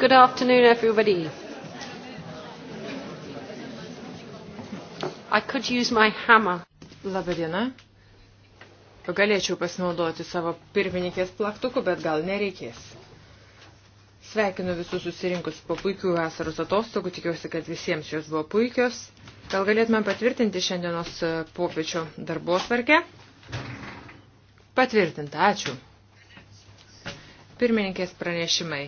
Good afternoon, everybody. I could use my hammer. Labadiena. Galėčiau pasinaudoti savo pirmininkės plaktuku, bet gal nereikės. Sveikinu visus susirinkus po puikių vasaros atostogų, tikiuosi, kad visiems jos buvo puikios. Gal galėtume patvirtinti šiandienos e, popiečio darbosvarkę? Patvirtinta, ačiū. Pirmininkės pranešimai.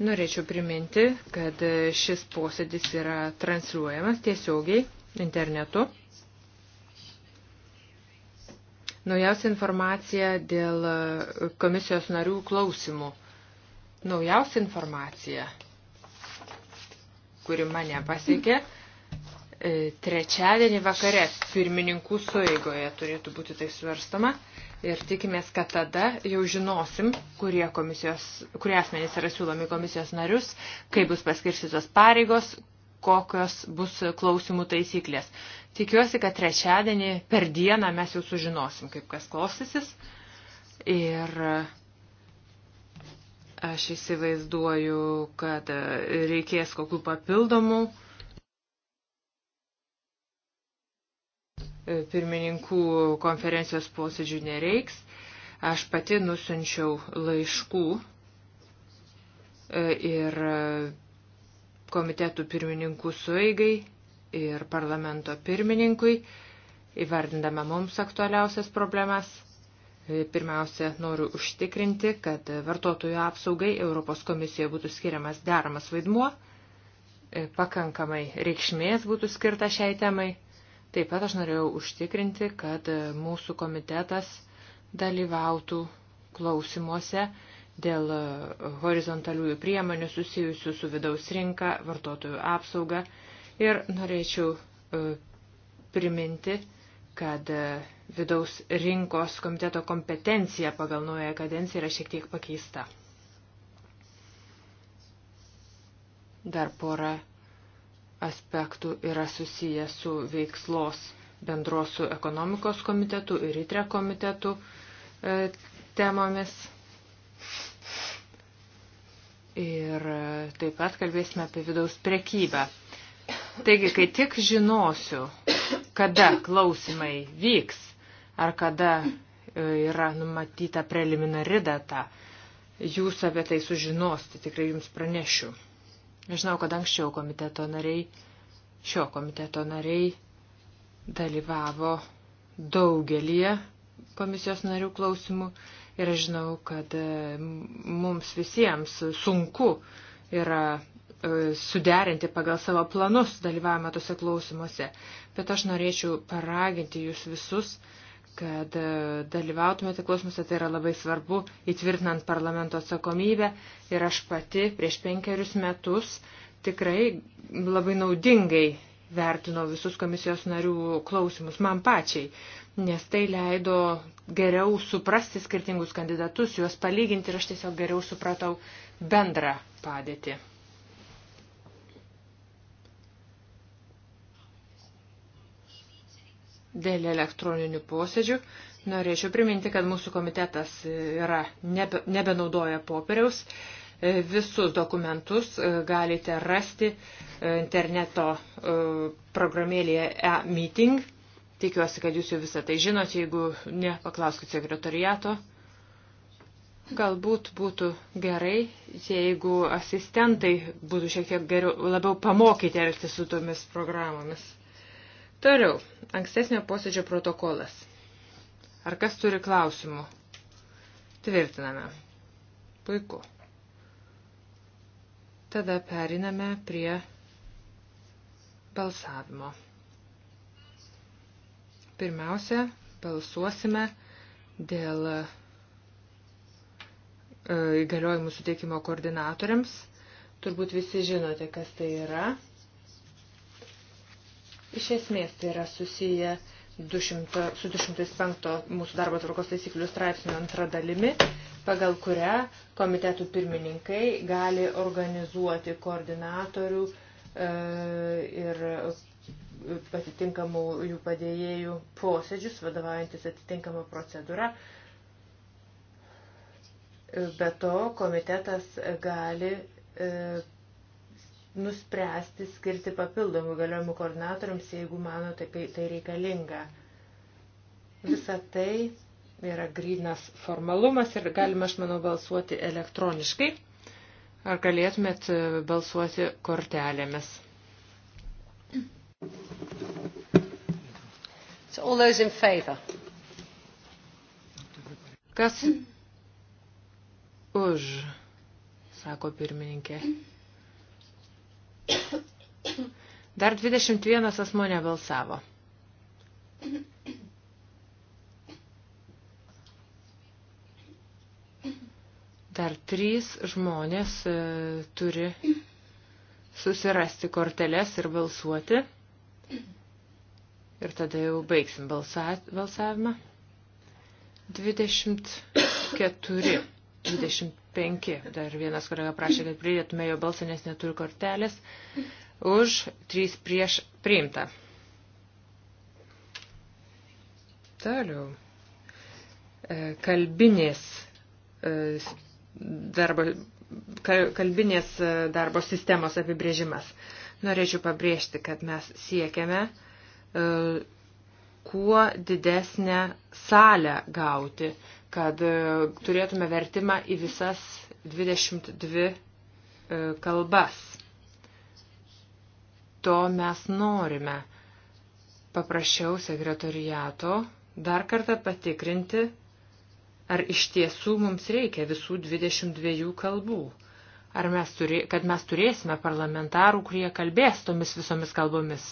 Norėčiau priminti, kad šis posėdis yra transliuojamas tiesiogiai internetu. Naujausia informacija dėl komisijos narių klausimų. Naujausia informacija, kuri mane pasiekė, e, trečiadienį vakare pirmininkų sueigoje turėtų būti tai svarstama ir tikimės, kad tada jau žinosim, kurie, kurie asmenys yra siūlomi komisijos narius, kaip bus paskirstytos pareigos, kokios bus klausimų taisyklės. Tikiuosi, kad trečiadienį per dieną mes jau sužinosim, kaip kas klausysis. Ir aš įsivaizduoju, kad reikės kokių papildomų uh, E, pirmininkų konferencijos posėdžių nereiks. Aš pati nusinčiau laiškų e, ir e, komitetų pirmininkų sueigai ir parlamento pirmininkui, įvardindama mums aktualiausias problemas. Pirmiausia, noriu užtikrinti, kad vartotojų apsaugai Europos komisijoje būtų skiriamas deramas vaidmuo, pakankamai reikšmės būtų skirta šiai temai Taip pat aš norėjau užtikrinti, kad mūsų komitetas dalyvautų klausimuose dėl horizontaliųjų priemonių susijusių su vidaus rinka, vartotojų apsauga. Ir norėčiau e, priminti, kad e, vidaus rinkos komiteto kompetencija pagal naują kadenciją yra šiek tiek pakeista. Dar porą aspektų yra susiję su veikslos bendros su ekonomikos komitetu ir ITRE komitetu e, temomis. Ir e, taip pat kalbėsime apie vidaus prekybą. Taigi, kai tik žinosiu, kada klausimai vyks ar kada e, yra numatyta preliminari data, jūs apie tai sužinosite, tikrai jums pranešiu. Žinau, kad anksčiau komiteto nariai, šio komiteto nariai dalyvavo daugelie komisijos narių klausimų ir aš žinau, kad e, mums visiems sunku yra e, suderinti pagal savo planus dalyvavimą tose klausimuose, bet aš norėčiau paraginti jūs visus kad e, dalyvautumėte klausimuose, tai yra labai svarbu įtvirtinant parlamento atsakomybę ir aš pati prieš penkerius metus tikrai labai naudingai vertino visus komisijos narių klausimus man pačiai, nes tai leido geriau suprasti skirtingus kandidatus, juos palyginti ir aš tiesiog geriau supratau bendrą padėtį. dėl elektroninių posėdžių. Norėčiau priminti, kad mūsų komitetas yra nebe, nebenaudoja popieriaus. E, visus dokumentus e, galite rasti e, interneto programėlėje e-meeting. Tikiuosi, kad jūs jau visą tai žinot, jeigu ne, paklauskite sekretariato. Galbūt būtų gerai, jeigu asistentai būtų šiek tiek geriau, labiau pamokyti elgtis su tomis programomis. Toliau, ankstesnio posėdžio protokolas. Ar kas turi klausimų? Tvirtiname. Puiku. Tada periname prie balsavimo. Pirmiausia, balsuosime dėl e, įgaliojimų suteikimo koordinatoriams. Turbūt visi žinote, kas tai yra. Iš esmės tai yra susiję 200, su 205 mūsų darbo tvarkos taisyklių straipsnio antra dalimi, pagal kurią komitetų pirmininkai gali organizuoti koordinatorių e, ir atitinkamų jų padėjėjų posėdžius, vadovaujantis atitinkamą procedūrą. Be to, komitetas gali e, nuspręsti skirti papildomų galiojimų koordinatoriams, jeigu mano tai, tai reikalinga. Visa tai yra grynas formalumas ir galime, aš manau, balsuoti elektroniškai. Ar galėtumėt e, balsuoti kortelėmis? So all those in favor. Kas už, sako pirmininkė. Mm. Dar 21 asmo nebalsavo. Dar trys žmonės e, turi susirasti korteles ir balsuoti. Ir tada jau baigsim balsa, balsavimą. 24, 25. Dar vienas kolega prašė, kad pridėtume jo balsą, nes neturi kortelės už, 3 prieš priimta. Toliau. E, kalbinės e, darbo, kalbinės e, darbo sistemos apibrėžimas. Norėčiau pabrėžti, kad mes siekiame kuo didesnę salę gauti, kad turėtume vertimą į visas 22 kalbas to mes norime. Paprašiau sekretoriato dar kartą patikrinti, ar iš tiesų mums reikia visų 22 kalbų, ar mes turė, kad mes turėsime parlamentarų, kurie kalbės tomis visomis kalbomis.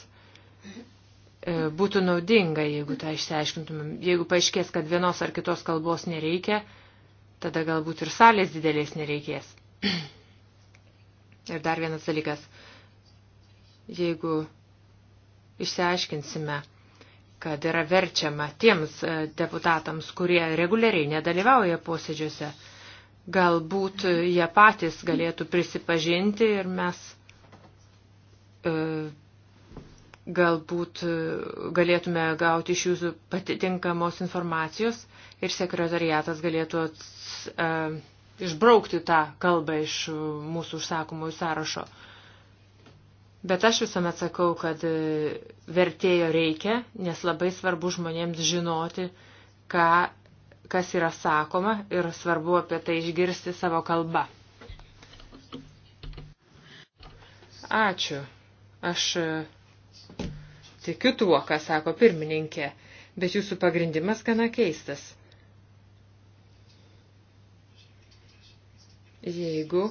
E, būtų naudinga, jeigu tą išsiaiškintumėm. Jeigu paaiškės, kad vienos ar kitos kalbos nereikia, tada galbūt ir salės didelės nereikės. ir dar vienas dalykas jeigu išsiaiškinsime, kad yra verčiama tiems e, deputatams, kurie reguliariai nedalyvauja posėdžiuose, galbūt e, jie patys galėtų prisipažinti ir mes e, galbūt e, galėtume gauti iš jūsų patitinkamos informacijos ir sekretariatas galėtų ats, e, išbraukti tą kalbą iš mūsų užsakomųjų sąrašo. E, Bet aš visuomet sakau, kad e, vertėjo reikia, nes labai svarbu žmonėms žinoti, ką, kas yra sakoma ir svarbu apie tai išgirsti savo kalbą. Ačiū. Aš e, tikiu tuo, ką sako pirmininkė, bet jūsų pagrindimas gana keistas. Jeigu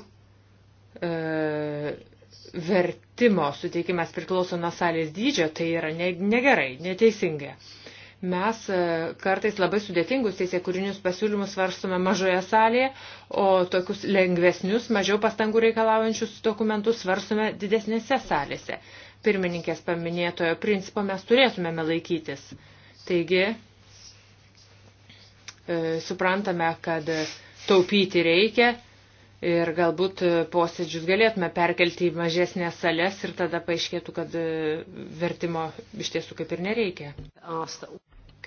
e, vertimo suteikimas priklauso nuo salės dydžio, tai yra ne, negerai, neteisinga. Mes e, kartais labai sudėtingus teisė kūrinius pasiūlymus svarstome mažoje salėje, o tokius lengvesnius, mažiau pastangų reikalaujančius dokumentus svarstome didesnėse salėse. Pirmininkės paminėtojo principo mes turėtumėme laikytis. Taigi, e, suprantame, kad taupyti reikia, ir galbūt posėdžius galėtume perkelti į mažesnės sales ir tada paaiškėtų, kad e, vertimo iš tiesų kaip ir nereikia.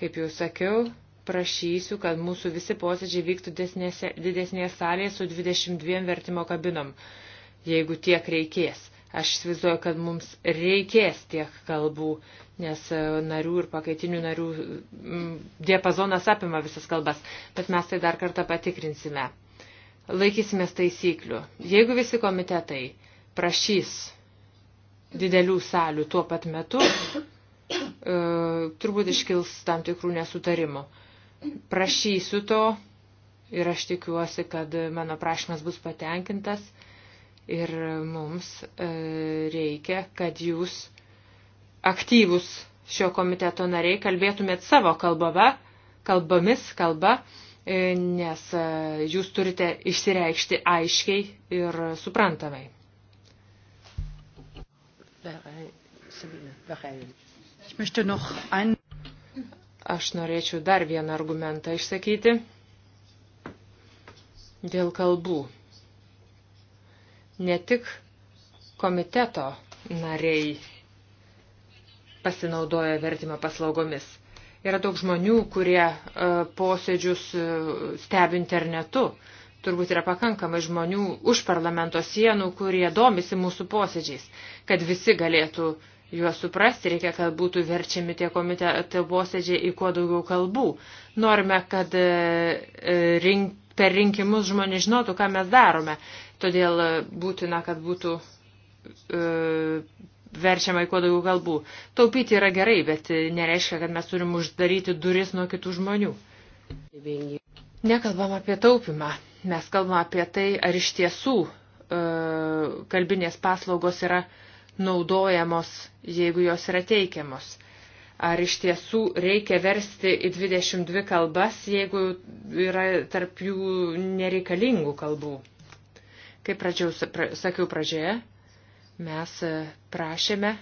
Kaip jau sakiau, prašysiu, kad mūsų visi posėdžiai vyktų desnėse, didesnėje salėje su 22 vertimo kabinom, jeigu tiek reikės. Aš įsivaizduoju, kad mums reikės tiek kalbų, nes e, narių ir pakaitinių narių diapazonas apima visas kalbas, bet mes tai dar kartą patikrinsime laikysimės taisyklių. Jeigu visi komitetai prašys didelių salių tuo pat metu, e, turbūt iškils tam tikrų nesutarimų. Prašysiu to ir aš tikiuosi, kad mano prašymas bus patenkintas ir mums e, reikia, kad jūs aktyvus šio komiteto nariai kalbėtumėt savo kalbava, kalbomis, kalba. kalba E, nes e, jūs turite išsireikšti aiškiai ir suprantamai. Aš norėčiau dar vieną argumentą išsakyti dėl kalbų. Ne tik komiteto nariai pasinaudoja vertimo paslaugomis. Yra daug žmonių, kurie e, posėdžius e, stebi internetu. Turbūt yra pakankamai žmonių už parlamento sienų, kurie domisi mūsų posėdžiais, kad visi galėtų juos suprasti, reikia, kad būtų verčiami tie komiteto posėdžiai į kuo daugiau kalbų. Norime, kad e, rink, per rinkimus žmonės žinotų, ką mes darome. Todėl būtina, kad būtų e, verčiama į kuo daugiau kalbų. Taupyti yra gerai, bet nereiškia, kad mes turim uždaryti duris nuo kitų žmonių. Nekalbam apie taupimą, mes kalbam apie tai, ar iš tiesų e, kalbinės paslaugos yra naudojamos, jeigu jos yra teikiamos. Ar iš tiesų reikia versti į 22 kalbas, jeigu yra tarp jų nereikalingų kalbų. Kaip pradžiau, sakiau pradžioje, mes e, prašėme, e,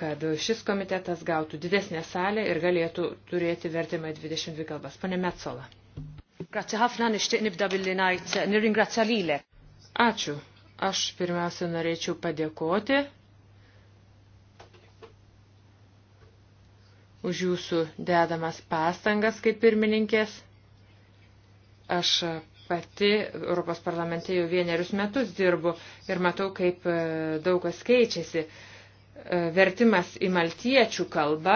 kad šis komitetas gautų didesnę salę ir galėtų turėti vertimą 22 kalbas. Pane Metsola. E, Ačiū. Aš pirmiausia norėčiau padėkoti už jūsų dedamas pastangas kaip pirmininkės. Aš Pati Europos parlamente jau vienerius metus dirbu ir matau, kaip e, daug kas keičiasi. E, vertimas į maltiečių kalbą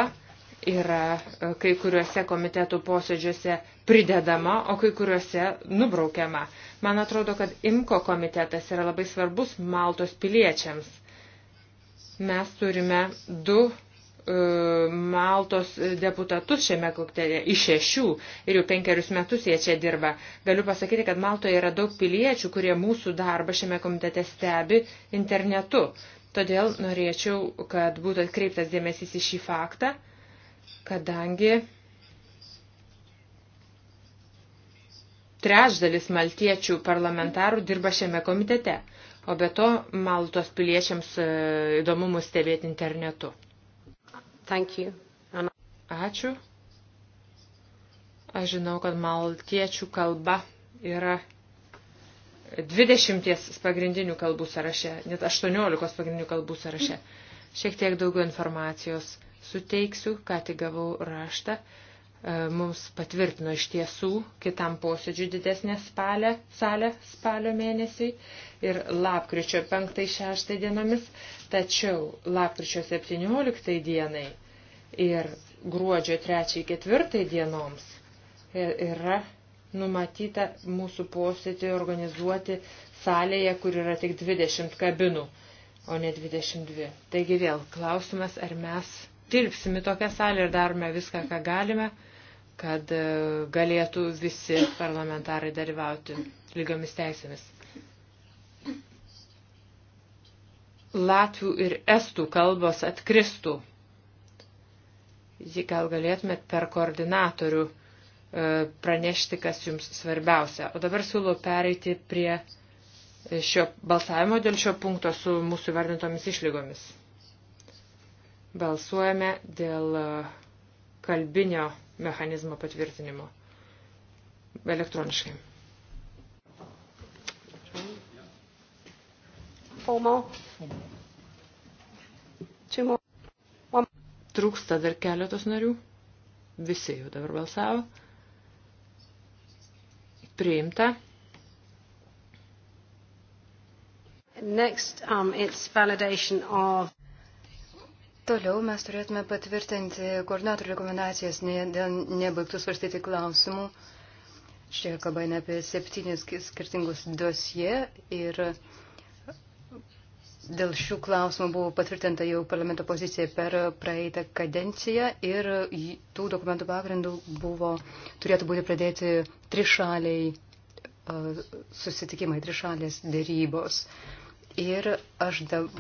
yra e, kai kuriuose komitetų posėdžiuose pridedama, o kai kuriuose nubraukiama. Man atrodo, kad IMKO komitetas yra labai svarbus Maltos piliečiams. Mes turime du E, Maltos deputatus šiame koktelė iš šešių ir jau penkerius metus jie čia dirba. Galiu pasakyti, kad Maltoje yra daug piliečių, kurie mūsų darbą šiame komitete stebi internetu. Todėl norėčiau, kad būtų atkreiptas dėmesys į šį faktą, kadangi trečdalis maltiečių parlamentarų dirba šiame komitete, o be to Maltos piliečiams e, įdomumus stebėti internetu. Thank you. Anna. Ačiū. Aš žinau, kad maltiečių kalba yra 20 pagrindinių kalbų sąraše, net 18 pagrindinių kalbų sąraše. Šiek tiek daugiau informacijos suteiksiu, ką tik gavau raštą E, mums patvirtino iš tiesų kitam posėdžiui didesnę spalę, salę spalio mėnesiui ir lapkričio 5-6 dienomis, tačiau lapkričio 17 dienai ir gruodžio 3-4 dienoms e, yra numatyta mūsų posėdį organizuoti salėje, kur yra tik 20 kabinų, o ne 22. Taigi vėl klausimas, ar mes tilpsim į tokią salę ir darome viską, ką galime kad e, galėtų visi parlamentarai dalyvauti lygiamis teisėmis. Latvių ir estų kalbos atkristų. Jį gal galėtumėt per koordinatorių e, pranešti, kas jums svarbiausia. O dabar siūlau pereiti prie šio balsavimo dėl šio punkto su mūsų vardintomis išlygomis. Balsuojame dėl e, kalbinio mechanizmo patvirtinimo elektroniškai. Trūksta dar keletos narių. Visi jau dabar balsavo. Priimta. Next, um, it's validation of Toliau mes turėtume patvirtinti koordinatorių rekomendacijas, nebaigtų svarstyti klausimų. Štai kalba eina apie septynis skirtingus dosie ir dėl šių klausimų buvo patvirtinta jau parlamento pozicija per praeitą kadenciją ir tų dokumentų pagrindų buvo, turėtų būti pradėti trišaliai susitikimai, trišalės dėrybos. Ir, aš dab,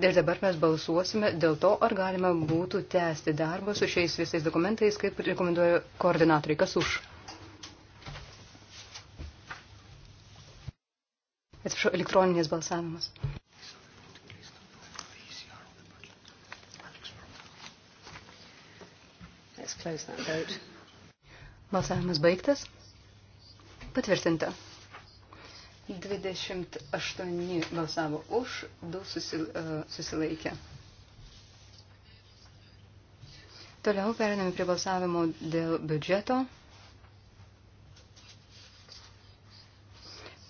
ir dabar mes balsuosime dėl to, ar galima būtų tęsti darbą su šiais visais dokumentais, kaip rekomenduoja koordinatoriai. Kas už? Atsiprašau, elektroninis balsavimas. Balsavimas baigtas. Patvirtinta. 28 balsavo už, 2 susil, uh, e, susilaikė. Toliau periname prie balsavimo dėl biudžeto.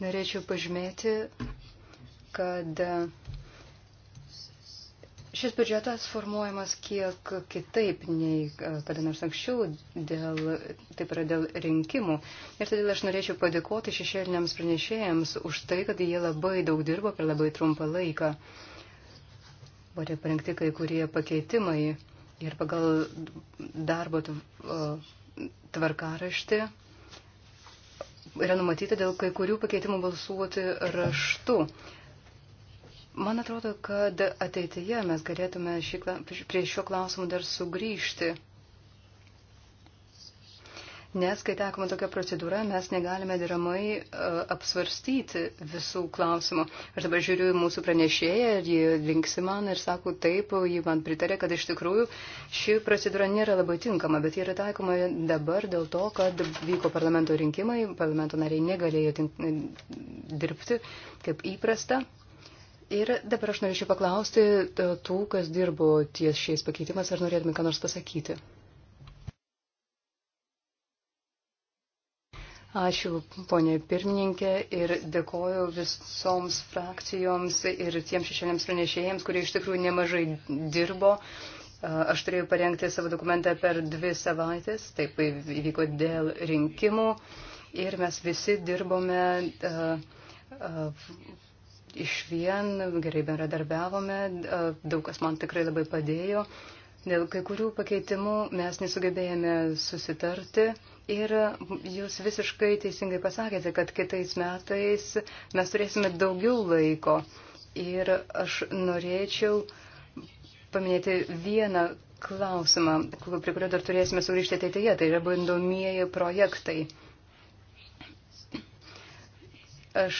Norėčiau pažymėti, kad uh, Šis biudžetas formuojamas kiek kitaip nei e, kada nors anksčiau, dėl, taip yra dėl rinkimų. Ir todėl aš norėčiau padėkoti šešėliniams pranešėjams už tai, kad jie labai daug dirbo per labai trumpą laiką. Buvo parengti kai kurie pakeitimai ir pagal darbo e, tvarkaraštį yra numatyta dėl kai kurių pakeitimų balsuoti raštu. Man atrodo, kad ateityje mes galėtume šį, prie šio klausimų dar sugrįžti. Nes, kai tekama tokia procedūra, mes negalime deramai uh, apsvarstyti visų klausimų. Aš dabar žiūriu mūsų pranešėją ir ji linksi man ir sako taip, ji man pritarė, kad iš tikrųjų ši procedūra nėra labai tinkama, bet ji yra taikoma dabar dėl to, kad vyko parlamento rinkimai, parlamento nariai negalėjo tink, dirbti kaip įprasta. Ir dabar aš norėčiau paklausti tų, kas dirbo ties šiais pakeitimas, ar norėtume ką nors pasakyti. Ačiū, ponė pirmininkė, ir dėkoju visoms frakcijoms ir tiems šešėliams pranešėjams, kurie iš tikrųjų nemažai dirbo. Aš turėjau parengti savo dokumentą per dvi savaitės, taip įvyko dėl rinkimų ir mes visi dirbome iš vien, gerai bendradarbiavome, daug kas man tikrai labai padėjo. Dėl kai kurių pakeitimų mes nesugebėjome susitarti ir jūs visiškai teisingai pasakėte, kad kitais metais mes turėsime daugiau laiko. Ir aš norėčiau paminėti vieną klausimą, prie kurio dar turėsime sugrįžti ateityje, tai yra bandomieji projektai. Aš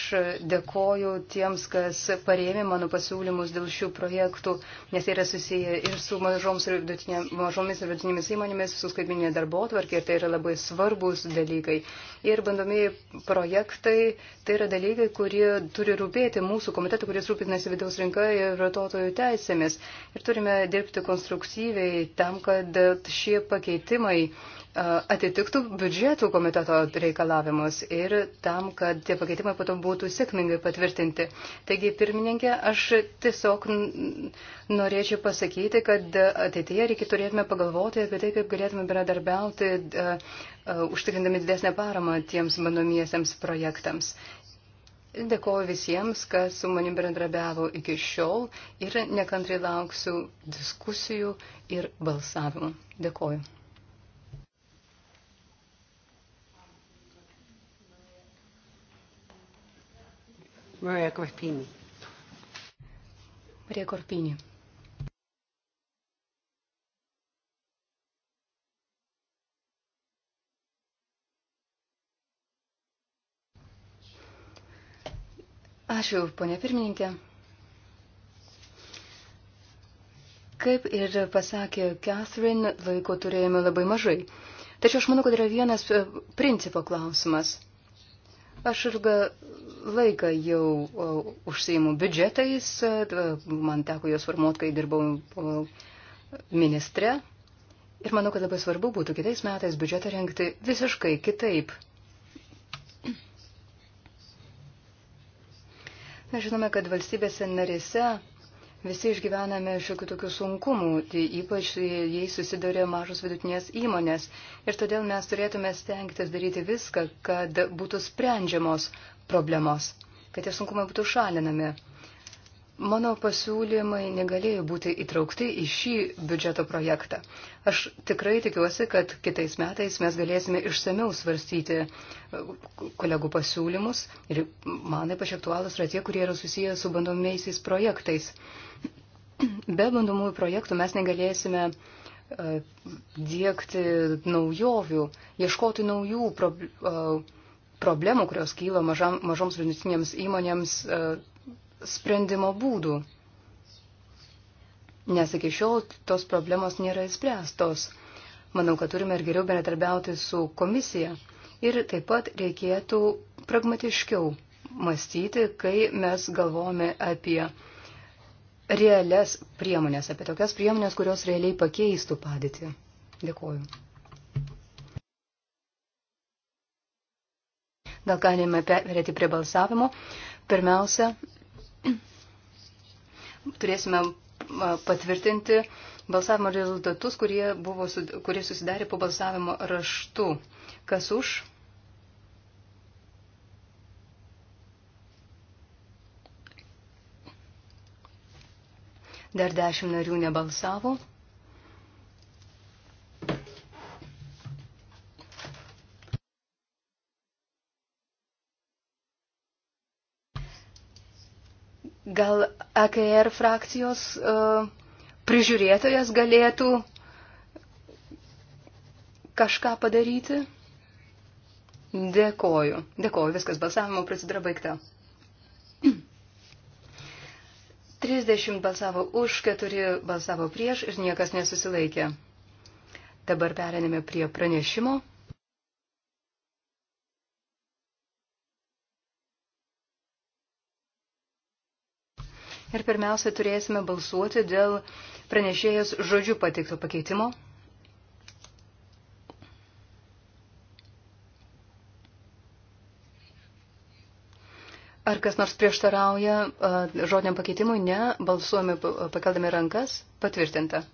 dėkoju tiems, kas parėmė mano pasiūlymus dėl šių projektų, nes tai yra susiję ir su mažoms ir mažomis ir vidutinėmis įmonėmis, su skaitminė darbo atvarkė ir tai yra labai svarbus dalykai. Ir bandomieji projektai tai yra dalykai, kurie turi rūpėti mūsų komitetų, kuris rūpinasi vidaus rinka ir vartotojų teisėmis. Ir turime dirbti konstruktyviai tam, kad šie pakeitimai atitiktų biudžetų komiteto reikalavimus ir tam, kad tie pakeitimai pato būtų sėkmingai patvirtinti. Taigi, pirmininkė, aš tiesiog norėčiau pasakyti, kad ateityje reikia turėtume pagalvoti apie tai, kaip galėtume bendradarbiauti, uh, uh, užtikrindami didesnę paramą tiems bandomiesiems projektams. Dėkoju visiems, kas su manim bendradarbiavo iki šiol ir nekantrai lauksiu diskusijų ir balsavimų. Dėkoju. Maria Corpini. Maria Corpini. Ačiū, ponė pirmininkė. Kaip ir pasakė Catherine, laiko turėjome labai mažai. Tačiau aš manau, kad yra vienas e, principo klausimas – Aš ilgą laiką jau užsiimu biudžetais, man teko juos formuoti, kai dirbau ministre. Ir manau, kad labai svarbu būtų kitais metais biudžetą rengti visiškai kitaip. Mes žinome, kad valstybėse narėse Visi išgyvename šiokių tokių sunkumų, tai ypač jei susiduria mažos vidutinės įmonės. Ir todėl mes turėtume stengtis daryti viską, kad būtų sprendžiamos problemos, kad tie sunkumai būtų šalinami mano pasiūlymai negalėjo būti įtraukti į šį biudžeto projektą. Aš tikrai tikiuosi, kad kitais metais mes galėsime išsameu svarstyti e, kolegų pasiūlymus ir man ypač aktualus yra tie, kurie yra susiję su bandomiaisiais projektais. Be bandomųjų projektų mes negalėsime e, dėkti naujovių, ieškoti naujų e, problemų, kurios kyla mažam, mažoms vidutinėms įmonėms sprendimo būdų, nes iki šiol tos problemos nėra įspręstos. Manau, kad turime ir geriau bendradarbiauti su komisija ir taip pat reikėtų pragmatiškiau mąstyti, kai mes galvojame apie realias priemonės, apie tokias priemonės, kurios realiai pakeistų padėtį. Dėkuoju. Gal galime perėti prie balsavimo. Pirmiausia, turėsime patvirtinti balsavimo rezultatus, kurie, buvo, kurie susidarė po balsavimo raštu. Kas už? Dar dešimt narių nebalsavo. Gal EKR frakcijos e, prižiūrėtojas galėtų kažką padaryti? Dėkoju. Dėkoju, viskas balsavimo procedūra baigta. 30 balsavo už, 4 balsavo prieš ir niekas nesusilaikė. Dabar perėmėme prie pranešimo. Ir pirmiausia, turėsime balsuoti dėl pranešėjos žodžių pateikto pakeitimo. Ar kas nors prieštarauja žodiniam pakeitimui? Ne. Balsuojame pakeldami rankas. Patvirtinta.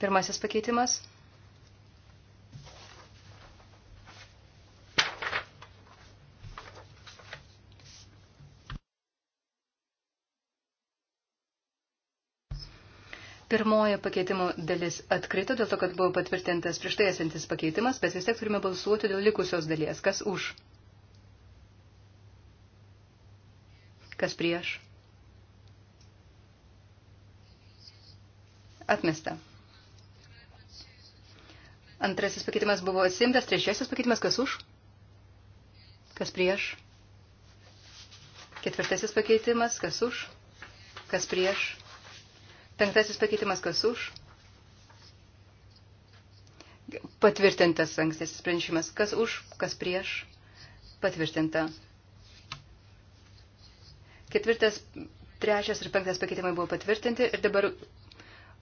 Pirmasis pakeitimas. Pirmoji pakeitimo dalis atkrito dėl to, kad buvo patvirtintas prieš tai esantis pakeitimas, bet vis tiek turime balsuoti dėl likusios dalies. Kas už? Kas prieš? Atmesta. Antrasis pakeitimas buvo atsimtas, trečiasis pakeitimas kas už? Kas prieš? Ketvirtasis pakeitimas kas už? Kas prieš? Penktasis pakeitimas kas už? Patvirtintas ankstesnis pranešimas. Kas už, kas prieš? Patvirtinta. Ketvirtas, trečias ir penktas pakeitimai buvo patvirtinti ir dabar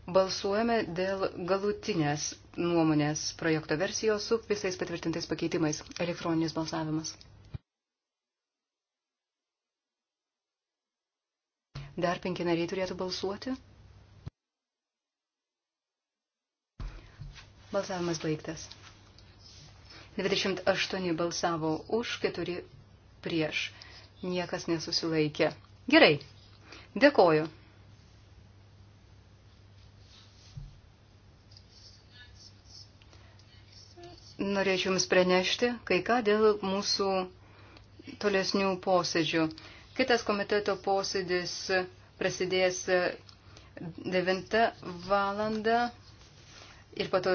balsuojame dėl galutinės nuomonės projekto versijos su visais patvirtintais pakeitimais. Elektroninis balsavimas. Dar penki nariai turėtų balsuoti. Balsavimas baigtas. 28 balsavo už, 4 prieš. Niekas nesusilaikė. Gerai. Dėkoju. Norėčiau Jums pranešti kai ką dėl mūsų tolesnių posėdžių. Kitas komiteto posėdis prasidės 9 valandą. Ir po to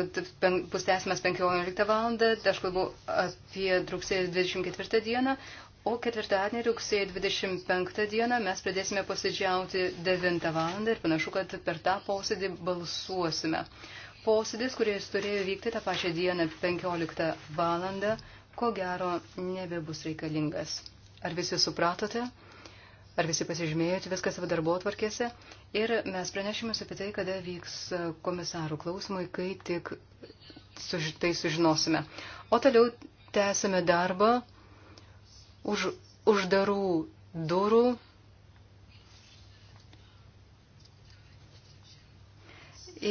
bus tęsimas 15 valandą, aš kalbu apie rugsėjo 24 dieną, o ketvirtadienį rugsėjo 25 dieną mes pradėsime posėdžiauti 9 valandą ir panašu, kad per tą posėdį balsuosime. Posėdis, kuris turėjo vykti tą pačią dieną 15 valandą, ko gero nebebus reikalingas. Ar visi supratote? Ar visi pasižymėjote viską savo darbo atvarkėse? Ir mes pranešimus apie tai, kada vyks komisarų klausimai, kai tik suž tai sužinosime. O toliau tęsime darbą už uždarų durų.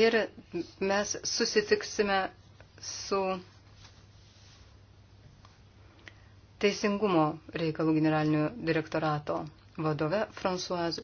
Ir mes susitiksime su Teisingumo reikalų generalinio direktorato vadove Françoise